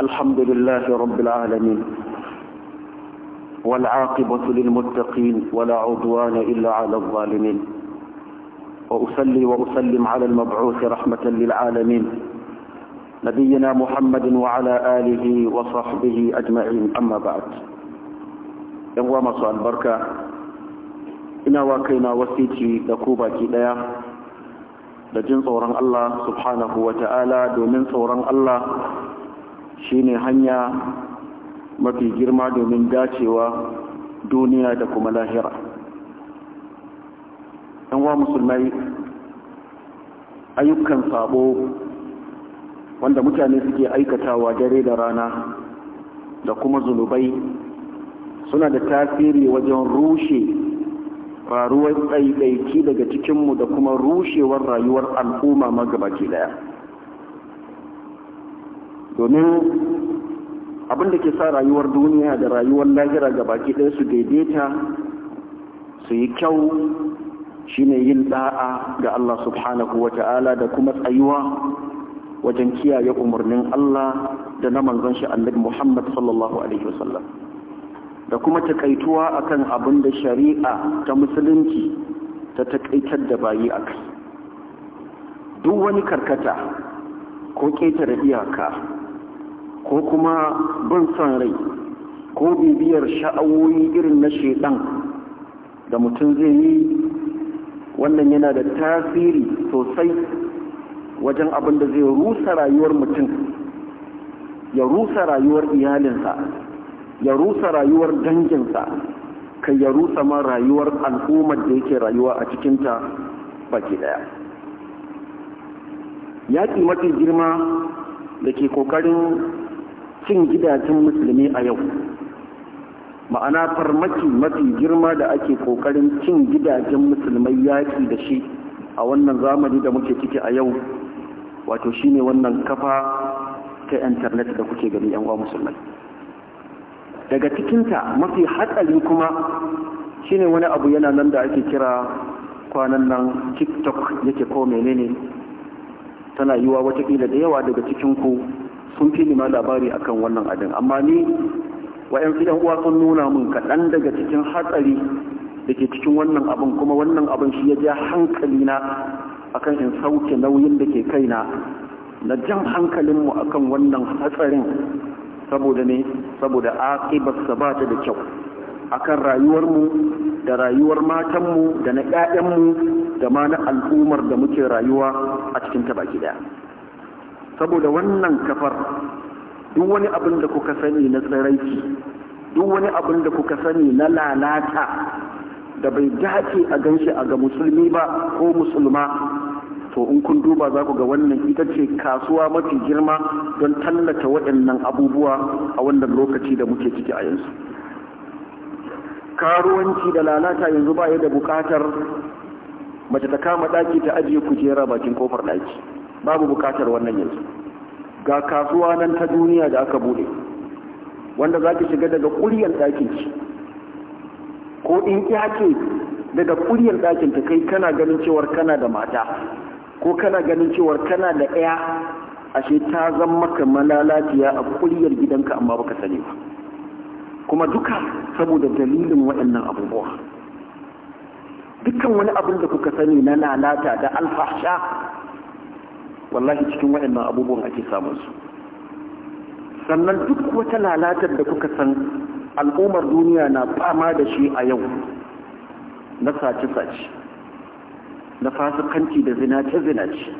الحمد لله رب العالمين والعاقبة للمتقين ولا عدوان إلا على الظالمين وأسلي وأسلم على المبعوث رحمة للعالمين نبينا محمد وعلى آله وصحبه أجمعين أما بعد يوم مساء البركة إنا واكينا وسيتي لكوبة كدايا لجن صورا الله سبحانه وتعالى wa صورا الله shine hanya mafi girma domin dacewa duniya da kuma lahira yan wa musulmai ayyukan sabo wanda mutane suke aikatawa dare da rana da kuma zunubai suna da tasiri wajen rushe faruwar ɗaiɗaiki daga cikinmu da kuma rushewar rayuwar al'umma magabaki daya domin abin da ke sa rayuwar duniya da rayuwar lahira ga baki ɗaya su daidaita su yi kyau shine yin da'a ga Allah subhanahu wa ta'ala da kuma tsayuwa wajen kiyaye umarnin Allah da na manzon shi annabi Muhammad sallallahu alaihi wasallam da kuma takaituwa akan abin da shari'a ta musulunci ta takaitar da bayi a kai. duk wani karkata ko ƙetare iyaka ko kuma ban son rai ko bibiyar sha'awoyi irin na shaidan da mutum zai yi wannan yana da tasiri sosai wajen abin da zai rusa rayuwar mutum ya rusa rayuwar iyalinsa ya rusa rayuwar danginsa kai ya rusa ma rayuwar al'ummar da yake rayuwa a cikinta baki daya yaƙi mafi girma da ke ƙoƙarin cin gidajen musulmi a yau ma'ana farmaki mafi girma da ake kokarin cin gidajen musulmai yaƙi da shi a wannan zamani da muke ciki a yau wato shi ne wannan kafa ta intanet da kuke gani yan musulmai daga cikinta mafi hatsari kuma shi ne wani abu yana nan da ake kira kwanan nan tiktok yake ko menene tana yiwa watakila da yawa daga cikinku sun fi nima labari akan wannan abin amma ni wa'yansu yan uwa sun nuna mun kaɗan daga cikin hatsari da ke cikin wannan abin kuma wannan abin shi ya ja hankalina akan in sauke nauyin da ke kaina na jan hankalinmu akan wannan hatsarin saboda ne saboda aƙibarsa ba ta da kyau akan rayuwarmu da rayuwar matanmu da na 'ya'yanmu da ma na al'ummar da muke rayuwa a cikin ta baki daya saboda wannan kafar duk wani abin da kuka sani na tsiraici duk wani abin da kuka sani na lalata da bai dace a ganshi a ga musulmi ba ko musulma to in kun duba za ku ga wannan ita ce kasuwa mafi girma don tallata waɗannan abubuwa a wannan lokaci da muke ciki a yanzu karuwanci da lalata yanzu ba da buƙatar mace ta kama ɗaki ta ajiye kujera bakin kofar ɗaki babu bukatar wannan yanzu ga kasuwa nan ta duniya da aka bude wanda za ki shiga daga ƙuryar ɗakin ki ko in ki daga ƙuryar ɗakin ta kai kana ganin cewar kana da mata ko kana ganin cewar kana da ɗaya ashe ta zama maka malalaciya a ƙuryar gidanka amma baka sani ba kuma duka saboda dalilin waɗannan abubuwa dukkan wani abin da kuka sani na lalata da alfahsha wallahi cikin waɗannan abubuwan ake samun su sannan duk wata lalatar da kuka san al'ummar duniya na fama da shi a yau na sace-sace na fasikanci da zinace-zinace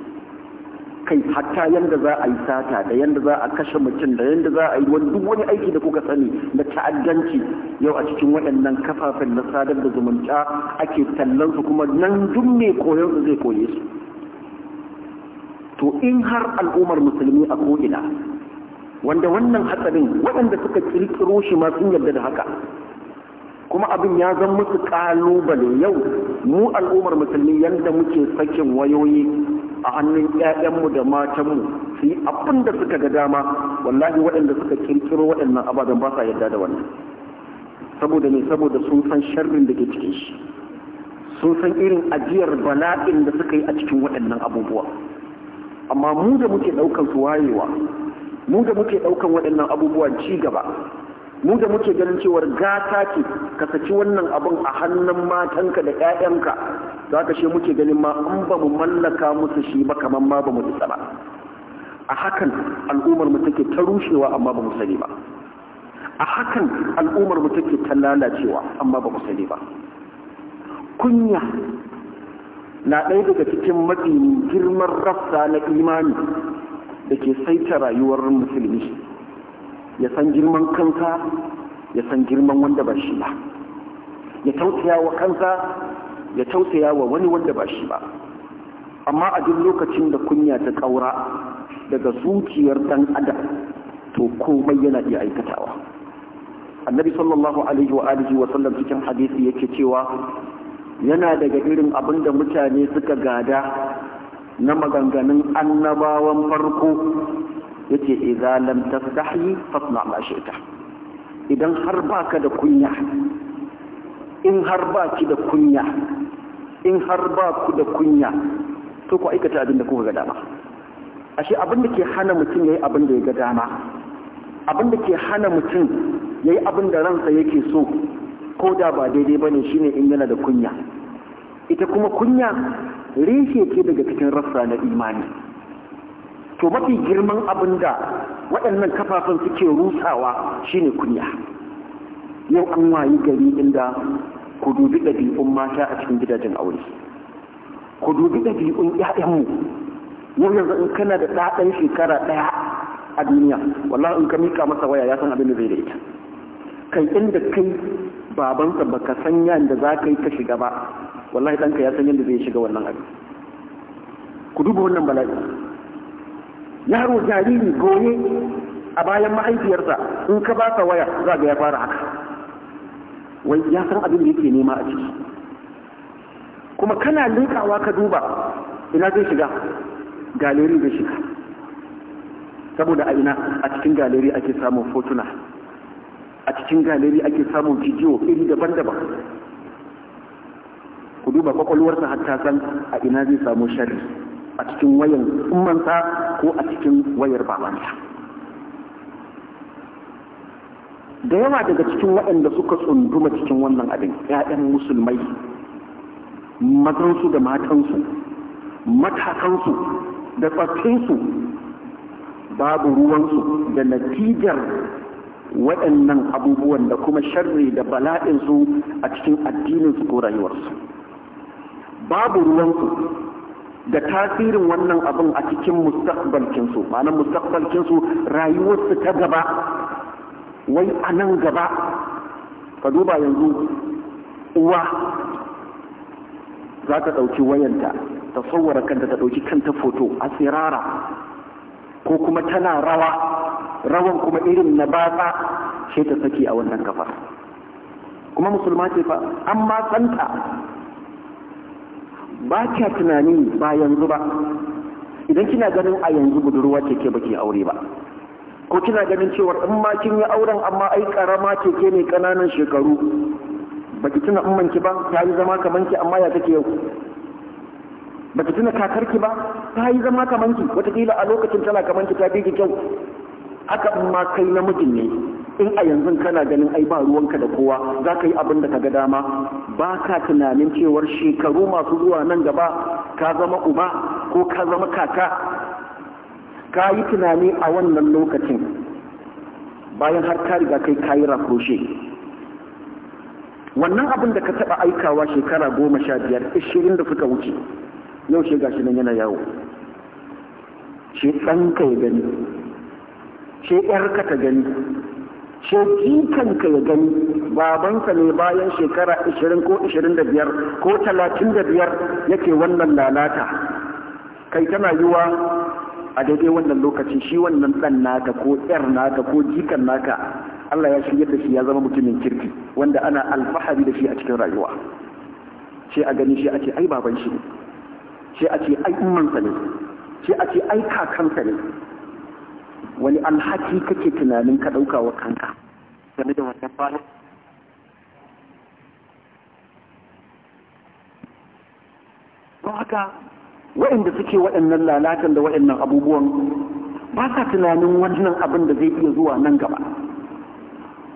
kai hatta yadda za a yi sata da yadda za a kashe mutum da yadda za a yi wani duk wani aiki da kuka sani na ta'addanci yau a cikin waɗannan kafafen na sadar da zumunta ake tallansu kuma nan duk mai koyon su zai koye su to in har al'ummar musulmi a ko'ina wanda wannan hatsarin waɗanda suka ƙirƙiro shi masu sun yarda da haka kuma abin ya zan musu kalubale yau mu al'ummar musulmi yadda muke sakin wayoyi a hannun 'ya'yanmu da matanmu su yi abin da suka ga dama wallahi waɗanda suka kirkiro waɗannan ababen ba sa yarda da wannan saboda ne saboda sun san sharrin da ke cikin shi sun san irin ajiyar bala'in da suka yi a cikin waɗannan abubuwa amma mu da muke ɗaukan su wayewa mu da muke ɗaukan waɗannan abubuwan ci gaba mu da muke ganin cewar gata ce ka saki wannan abin a hannun matanka da 'ya'yanka za ka she muke ganin ma an ba mu mallaka musu shi ba kamar ma ba mu isa ba a hakan al'ummar mu take ta rushewa amma ba mu sani ba a hakan al'ummar mu take ta lalacewa amma ba mu sani ba kunya na ɗaya daga cikin matsi girman rafsa na imani da ke saita rayuwar musulmi ya san girman kansa ya san girman wanda ba shi ba ya tausaya wa kansa ya tausaya wa wani wanda ba shi ba amma a duk lokacin da kunya ta ƙaura daga zuciyar ɗan adam to komai yana iya aikatawa annabi sallallahu alaihi wa alihi wa sallam cikin hadisi yake cewa yana daga irin abin da mutane suka gada na maganganun annabawan farko yake idza lam tastahi fasna ma idan har baka da kunya in har baki da kunya in har ba ku da kunya to ku aikata abin da kuka ga dama ashe abin da ke hana mutum yayi abin da ya ga dama abin da ke hana mutum yayi abin da ransa yake so ko da ba daidai ba ne shine in yana da kunya ita kuma kunya reshe ce daga cikin rassa na imani to mafi girman abin da waɗannan kafafen suke rusawa shine kunya yau an wayi gari inda ku dubi ɗabi'un mata a cikin gidajen aure ku dubi ɗabi'un ‘ya'yanmu yau yanzu in kana da ɗaɗan shekara ɗaya a duniya wallahi in ka mika masa waya ya san abin da zai da ita kai inda kai babansa baka san yadda za ka yi ka shiga ba wallahi ɗanka ya san yadda zai shiga wannan abin ku duba wannan bala'i yaro jariri goye a bayan mahaifiyarsa in ka ba ka waya za ga ya fara haka wai ya san abin da yake nema a ciki kuma kana leƙawa ka duba ina zai shiga galeri zai shiga saboda a ina a cikin galeri ake samun fotuna a cikin galeri ake samun bidiyo iri daban-daban ku duba kwakwalwarsa hatta san a ina zai samu shari a cikin wayan ummansa ko a cikin wayar babansa da yawa daga cikin waɗanda suka tsunduma cikin wannan abin 'ya'yan musulmai mazansu da matansu matakansu da tsaffinsu babu ruwansu da natijar waɗannan abubuwan da kuma sharri da bala'insu a cikin addininsu ko rayuwarsu babu ruwansu da tasirin wannan abin a cikin mustaqbalkinsu ma'anar mustaqbalkinsu rayuwarsu ta gaba wai a nan gaba ka duba yanzu uwa za ta ɗauki wayanta ta tsawara kanta ta ɗauki kanta foto a sirara ko kuma tana rawa rawan kuma irin na batsa shi ta saki a wannan kafa kuma musulma ce fa an ma tsanta ba kya tunani ba yanzu ba idan kina ganin a yanzu budurwa ce ke baki aure ba ko kina ganin cewar in ma kin yi auren amma ai karama ce ke ne kananan shekaru baki tuna umman ki ba ta yi zama kaman ki amma ya take yau baki tuna kakar ki ba ta yi zama kaman ki wataƙila a lokacin tana kaman ki ta bi ki kyau haka in ma kai namijin ne in a yanzu kana ganin ai ba ruwanka da kowa za ka yi abin da ka ga dama ba ka tunanin cewar shekaru masu zuwa nan gaba ka zama uba ko ka zama kaka ka yi tunani a wannan lokacin bayan har ka riga kai kayi rakoshe wannan abin da ka taɓa aikawa shekara goma sha biyar ishirin da suka wuce yau shi gashi nan yana yawo shi ɗanka ya gani ce ‘yarka ta gani ce jikanka ya gani babansa ne bayan shekara 20 ko 25 ko 35 yake wannan lalata kai tana yiwa a daidai wannan lokaci shi wannan ɗan naka ko ‘yar naka ko jikan naka Allah ya shirya da shi ya zama mutumin kirki wanda ana alfahari da shi a cikin rayuwa ce a gani shi a ce ai baban shi ne ce a ce ai ummansa ne ce a ce ai kakansa ne wani alhaki kake tunanin ka ɗauka wa kanka da wannan don haka waɗanda suke waɗannan lalatan da waɗannan abubuwan ba sa tunanin wannan abin da zai iya zuwa nan gaba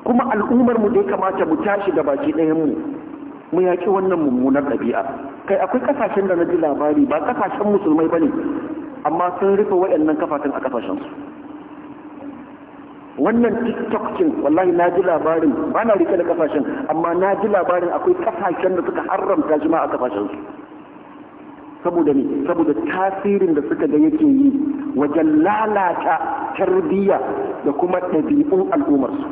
kuma al'ummar mu dai kamata mu tashi da baki ɗayan mu mu yaƙi wannan mummunar ɗabi'a kai akwai kasashen da na ji labari ba kasashen musulmai ba ne amma sun rufe waɗannan kafafen a kasashen su wannan tiktok cin wallahi na ji labarin ba na rike da kafashen amma na ji labarin akwai kafashen da suka haramta shi ma a kafashen su saboda ne saboda tasirin da suka ga yake yi wajen lalata tarbiyya da kuma ɗabi'un al'ummarsu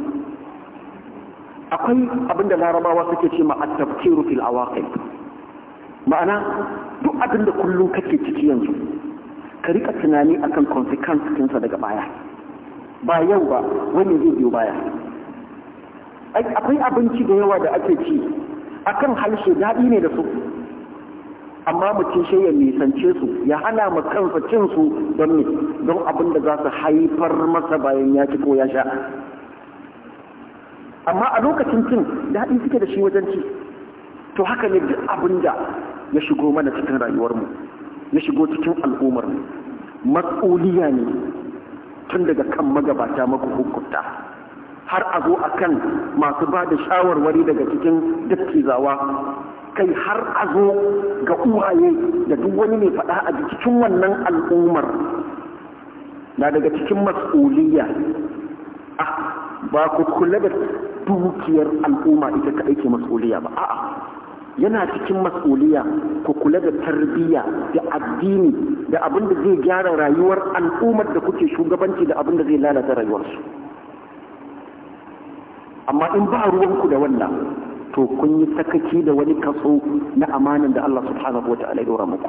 akwai abin da larabawa suke ce ma a tafkiru fil awaqib ma'ana duk abin da kullum kake ciki yanzu ka rika tunani akan consequences daga baya ba yau ba wani zai biyo baya akwai abinci da yawa da ake ci akan halshe daɗi ne da su amma mutum shi ya nisance su ya hana mu kansa cin su don ne don abin da za su haifar masa bayan ya ci ko ya sha amma a lokacin cin daɗi suke da shi wajen ci to haka ne duk abin da ya shigo mana cikin rayuwarmu ya shigo cikin al'ummarmu mas'uliya ne tun daga kan magabata maku hukunta har a zo a kan masu ba da shawarwari daga cikin dattizawa kai har a zo ga uwaye da duk wani mai faɗa a cikin wannan al'ummar na daga cikin mas'uliyya a ah, ba ku kula da dukiyar al'umma ita ka aiki mas'uliyya ba a'a yana cikin mas'uliyya ku kula da tarbiyya da addini da abin da zai gyara rayuwar al'ummar da kuke shugabanci da abin da zai lalata rayuwarsu amma in ba ruwanku da wannan to kun yi sakaki da wani kaso na amanan da Allah subhanahu wa ta'ala ya dora muku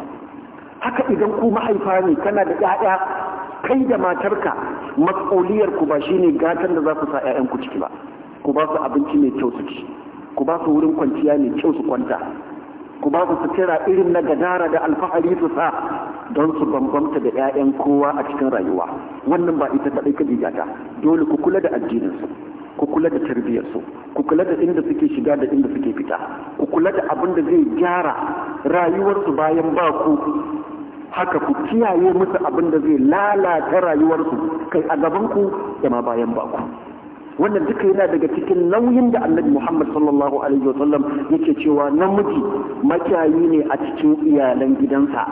haka idan ku mahaifa ne kana da 'ya'ya kai da matarka matsoliyar ku ba shine gatan da za ku sa 'ya'yanku ciki ba ku ba su abinci mai kyau su ci ku ba su wurin kwanciya mai kyau su kwanta ku ba su sutura irin na gadara da alfahari su sa don su bambamta da 'ya'yan kowa a cikin rayuwa wannan ba ita kaɗai kadija ta dole ku kula da addininsu ku kula da tarbiyyarsu ku kula da inda suke shiga da inda suke fita ku kula da abin da zai gyara rayuwarsu bayan ba ku haka ku kiyaye musu abin da zai lalata rayuwarsu kai a gaban ku da ma bayan ba ku wannan duka yana daga cikin nauyin da annabi muhammad sallallahu alaihi wasallam yake cewa namiji makiyayi ne a cikin iyalan gidansa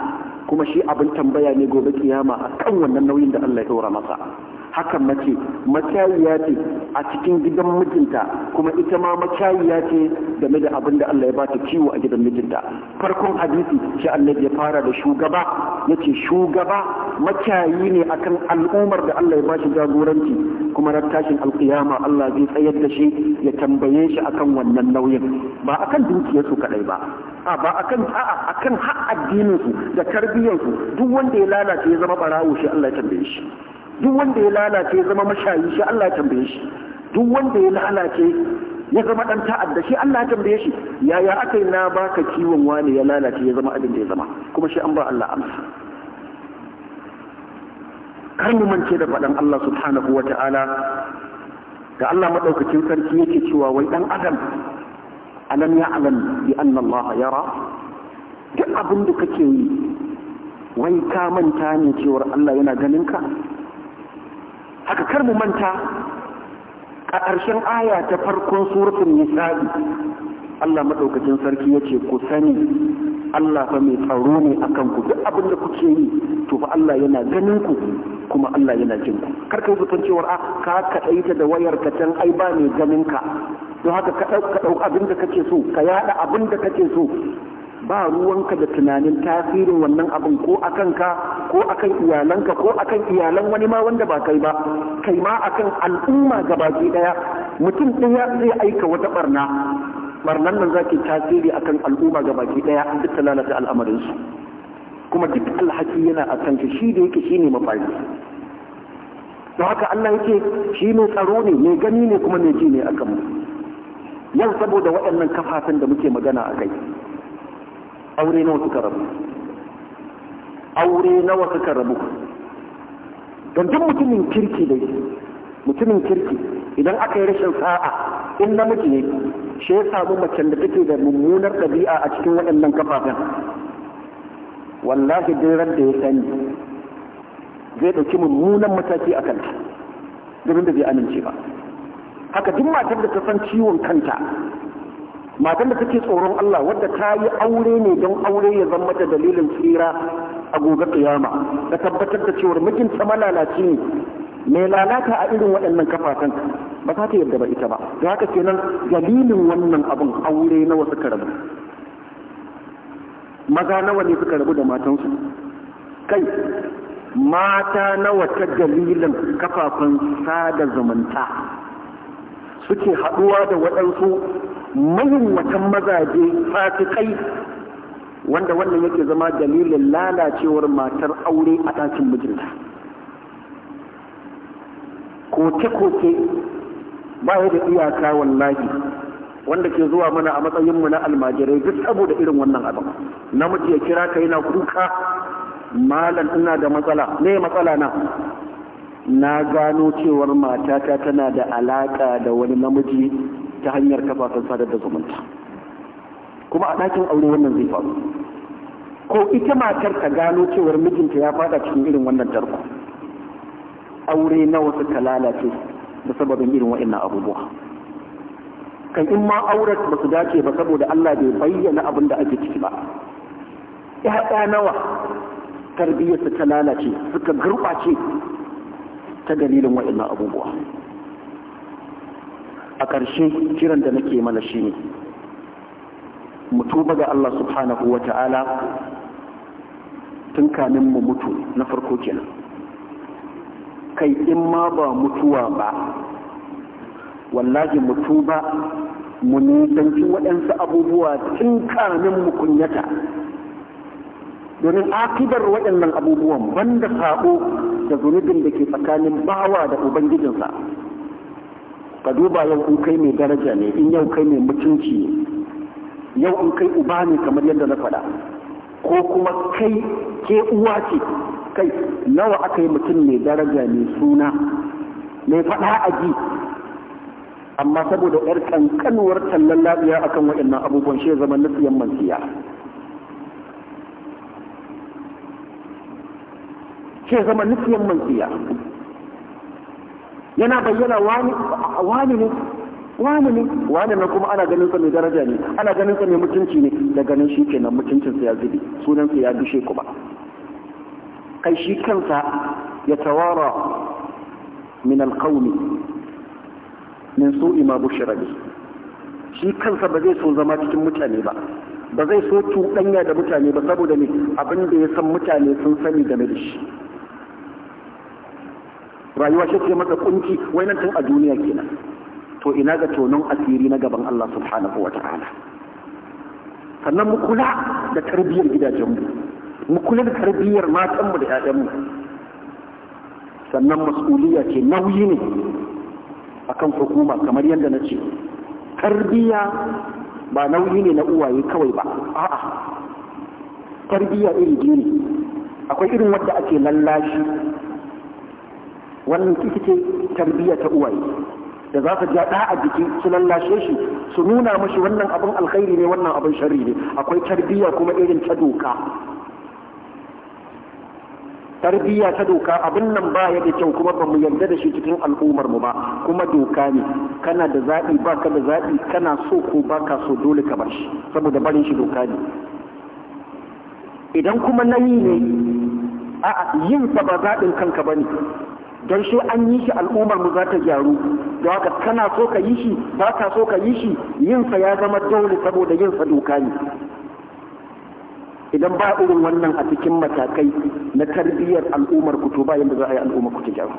kuma shi abin tambaya ne gobe kiyama a kan wannan nauyin da allah ya ɗora masa haka mace macayiya ce a cikin gidan mijinta kuma ita ma macayiya ce game da abin da Allah ya bata kiwo a gidan mijinta farkon hadisi shi annabi ya fara da shugaba yace shugaba macayi ne akan al'ummar da Allah ya bashi jagoranci kuma ran tashin alkiyama Allah zai tsayar da shi ya tambaye shi akan wannan nauyin ba akan dukiyarsu kadai ba a ba akan a'a akan har addinin su da tarbiyyar su duk wanda ya lalace ya zama barawo shi Allah ya tambaye shi duk wanda ya lalace ya zama mashayi shi Allah ya tambaye shi duk wanda ya lalace ya zama dan ta'adda shi Allah ya tambaye shi yaya aka yi na baka kiwon wani ya lalace ya zama abin da ya zama kuma shi an ba Allah amsa kar mu mance da faɗan Allah subhanahu wa ta'ala da Allah maɗaukacin sarki yake cewa wai ɗan adam alam ya alam bi anna Allah yara duk abin da kake yi wai ka manta ne cewar Allah yana ganin ka haka kar mu manta a ƙarshen aya ta farkon suratun nisa'i Allah madaukakin sarki yace ku sani Allah fa mai tsaro ne akan ku duk abin da kuke yi to fa Allah yana ganin ku kuma Allah yana jin ku kar ka zutan cewa a ah, ka ta da wayar ka can ai ba mai ganin ka don haka ka ɗauka dauka abin da kake so ka yaɗa abin da kake so ba ruwanka da tunanin tasirin wannan abin ko akan ka ko akan iyalanka ko akan iyalan wani ma wanda ba kai ba kai ma akan al'umma gabaki daya mutum ɗaya zai aika wata barna barnan nan zaki tasiri akan al'umma gabaki daya duk lalata al'amarin su kuma duk alhaki yana a kanka shi da yake shine mafari don haka Allah yake shi ne tsaro ne mai gani ne kuma mai ji ne akan mu yau saboda waɗannan kafafen da muke magana a kai aure nawa suka rabu aure nawa suka rabu don duk mutumin kirki dai mutumin kirki idan aka yi rashin sa'a in namiji ne shi ya samu macen da take da mummunar ɗabi'a a cikin waɗannan kafafen wallahi dai ran da ya sani zai ɗauki mummunan mataki a kanta domin da bai amince ba haka duk matar da ta san ciwon kanta matar da take tsoron Allah wadda ta yi aure ne don aure ya zama mata dalilin tsira a gobe kiyama ka tabbatar da cewar mijinta malalaci ne mai lalata a irin waɗannan kafafen ba za ta yarda ba ita ba da haka kenan dalilin wannan abun aure nawa suka rabu maza nawa ne suka rabu da matansu kai mata nawa ta dalilin kafafen sada zumunta suke haɗuwa da waɗansu mahimmatan mazaje fasikai wanda wannan yake zama dalilin lalacewar matar aure a ɗakin mijinta koke-koke ba ya da iyaka wallahi wanda ke zuwa mana a matsayinmu na almajirai duk saboda irin wannan abin namiji ya kira ka yana kuka malam ina da matsala ne matsala na na gano cewar matata tana da alaka da wani namiji ta hanyar kafafen sadar da zumunta kuma a ɗakin aure wannan zai faru ko ita matar ta gano cewar mijinta ya fada cikin irin wannan tarko aure nawa suka lalace da sababin irin wa'annan abubuwa kan in ma auren ba su dace ba saboda Allah bai bayyana abin da ake ciki ba ya'ya nawa su ta lalace suka gurɓace ta dalilin wa'annan abubuwa a ƙarshe kiran da nake mana shine mu tuba ga Allah subhanahu wa ta'ala tun kamin mu mutu na farko kenan kai in ma ba mutuwa ba wallahi mu tuba mu nisanci waɗansu abubuwa tun kamin mu kunyata domin akidar waɗannan abubuwan banda sabo da zunubin da ke tsakanin bawa da ubangijinsa ka duba yau kai mai daraja ne in yau kai mai mutunci ne yau in kai uba ne kamar yadda na faɗa ko kuma kai ke uwa ce kai nawa aka yi mutum mai daraja mai suna mai faɗa a ji amma saboda yar kankanuwar tallan lafiya akan waɗannan abubuwan shi zama siyan mansiya ke zama nufiyan mansiya yana bayyana wani ne wani ne kuma ana ganin sa mai daraja ne ana ganin sa mai mutunci ne da ganin shi kenan mutuncin sa ya zube sunan sa ya dushe kuma kai shi kansa ya tawara min alqawmi min su'i ma bushira bi shi kansa ba zai so zama cikin mutane ba ba zai so cuɗanya da mutane ba saboda ne abin da ya san mutane sun sani game da shi rayuwa shi ce masa kunci wai nan tun a duniya kenan to ina ga tonon asiri na gaban Allah subhanahu ta'ala sannan mu kula da tarbiyyar gidajenmu mu kula da tarbiyyar matanmu da 'ya'yanmu sannan mas'uliyya ce nauyi ne akan hukuma kamar yadda na ce tarbiyya ba nauyi ne na uwaye kawai ba a'a tarbiyya iri biyu ne akwai irin wanda ake lallashi wannan kike tarbiyya ta uwaye da za su ja a jiki su lallashe shi su nuna mashi wannan abin alkhairi ne wannan abin shari ne akwai tarbiyya kuma irin ta doka tarbiyya ta doka abin nan ba ya da kyau kuma ba mu yarda da shi cikin al'ummar mu ba kuma doka ne kana da zaɓi ba ka da zaɓi kana so ko ba ka so dole ka bashi, saboda barin shi doka ne idan kuma nayi ne a'a yin sa ba zaɓin kanka ba ne don shi an yi shi al'ummar mu za ta gyaru da haka kana so ka yi shi ba ka so ka yi shi yinsa ya zama dole saboda yinsa doka ne idan ba irin wannan a cikin matakai na tarbiyyar al'ummar ku to ba yadda za a yi al'ummar ku ta gyaru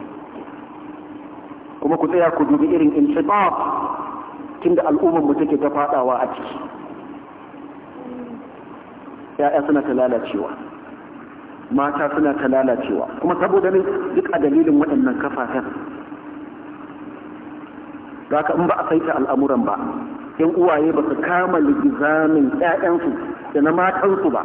kuma ku tsaya ku dubi irin inshiqaq tunda al'ummar mu take ta fadawa a ciki ya'ya suna ta lalacewa mata suna ta lalacewa kuma saboda ne duk a dalilin waɗannan kafafen ba ka in ba a saita al'amuran ba yan uwaye ba su kama ligizamin 'ya'yansu da na matansu ba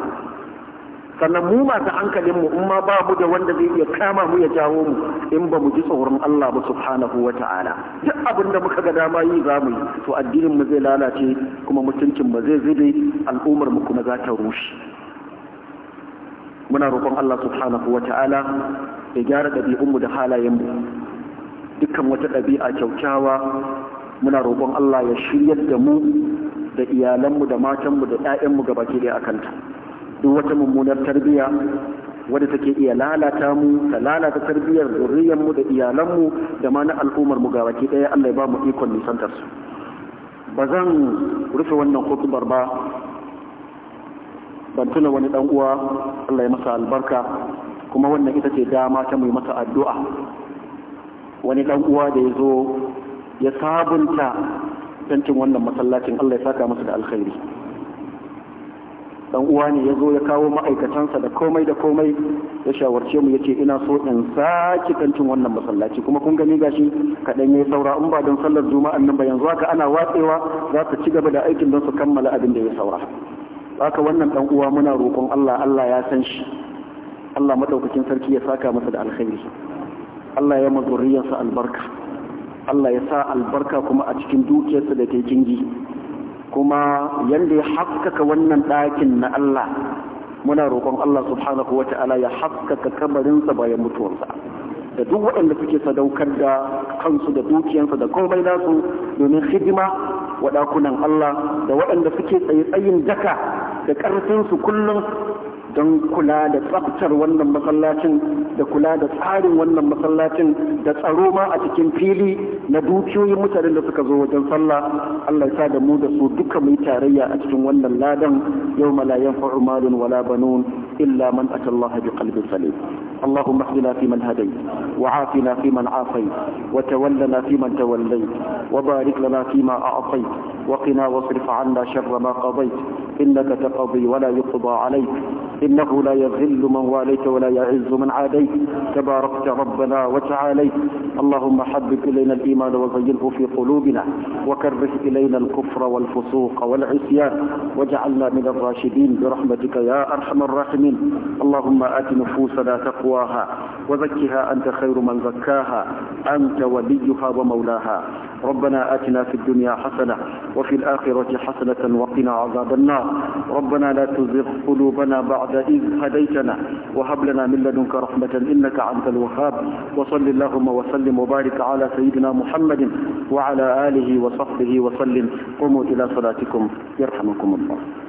sannan mu masu hankalinmu in ma ba mu da wanda zai iya kama mu ya jawo mu in ba mu ji tsoron Allah ba subhanahu wa ta'ala duk abin da muka ga dama yi za mu yi to addinin mu zai lalace kuma mutuncin mu zai zube al'ummar mu kuma za ta rushe muna roƙon Allah subhanahu wa ta'ala ya gyara ɗabi'unmu da halayenmu dukkan wata ɗabi'a kyaukyawa muna roƙon Allah ya shiryar da mu da iyalanmu da matanmu da 'ya'yanmu ga baki da a kanta duk wata mummunar tarbiyya wadda take iya lalata mu ta lalata tarbiyyar zuriyarmu da iyalanmu da ma na al'ummar mu gabaki ɗaya Allah ya ba mu ikon nisantar su ba zan rufe wannan hutubar ba ban tuna wani dan uwa Allah ya masa albarka kuma wannan ita ce dama ta mai masa addu'a wani dan uwa da ya zo ya sabunta tantin wannan masallacin Allah ya saka masa da alkhairi dan uwa ne ya zo ya kawo ma'aikatansa da komai da komai ya shawarce mu yace ina so in saki tantin wannan masallaci kuma kun gani gashi kaɗan ya saura in ba don sallar juma'an nan ba yanzu haka ana watsewa za ta ci gaba da aikin don su kammala abin da ya saura haka wannan dan uwa muna roƙon Allah Allah ya san shi Allah madaukakin sarki ya saka masa da alkhairi Allah ya mazuriyarsa albarka Allah ya sa albarka kuma a cikin dukiyarsa da ta jingi kuma yanda ya haskaka wannan ɗakin na Allah muna roƙon Allah subhanahu wa ta'ala ya haskaka kabarinsa bayan mutuwarsa da duk waɗanda suke sadaukar da kansu da dukiyarsa da komai nasu domin hidima wa ɗakunan Allah da waɗanda suke tsaye tsayin daka da ƙarfinsu kullum don kula da tsabtar wannan masallacin da kula da tsarin wannan masallacin da tsaro ma a cikin fili na dukiyoyin mutanen da suka zo wajen sallah Allah ya da mu da su duka mai tarayya a cikin wannan ladan yau malayan fa'u malun wala banun إلا من أتى الله بقلب سليم اللهم اهدنا فيمن هديت وعافنا فيمن عافيت وتولنا فيمن توليت وبارك لنا فيما أعطيت وقنا واصرف عنا شر ما قضيت إنك تقضي ولا يقضى عليك إنه لا يذل من واليت ولا يعز من عاديت تباركت ربنا وتعاليت اللهم حبب إلينا الإيمان وزينه في قلوبنا وكره إلينا الكفر والفسوق والعصيان واجعلنا من الراشدين برحمتك يا أرحم الراحمين المسلمين اللهم آت نفوسنا تقواها وزكها أنت خير من زكاها أنت وليها ومولاها ربنا آتنا في الدنيا حسنة وفي الآخرة حسنة وقنا عذاب النار ربنا لا تزغ قلوبنا بعد إذ هديتنا وهب لنا من لدنك رحمة إنك أنت الوهاب وصل اللهم وسلم وبارك على سيدنا محمد وعلى آله وصحبه وسلم قوموا إلى صلاتكم يرحمكم الله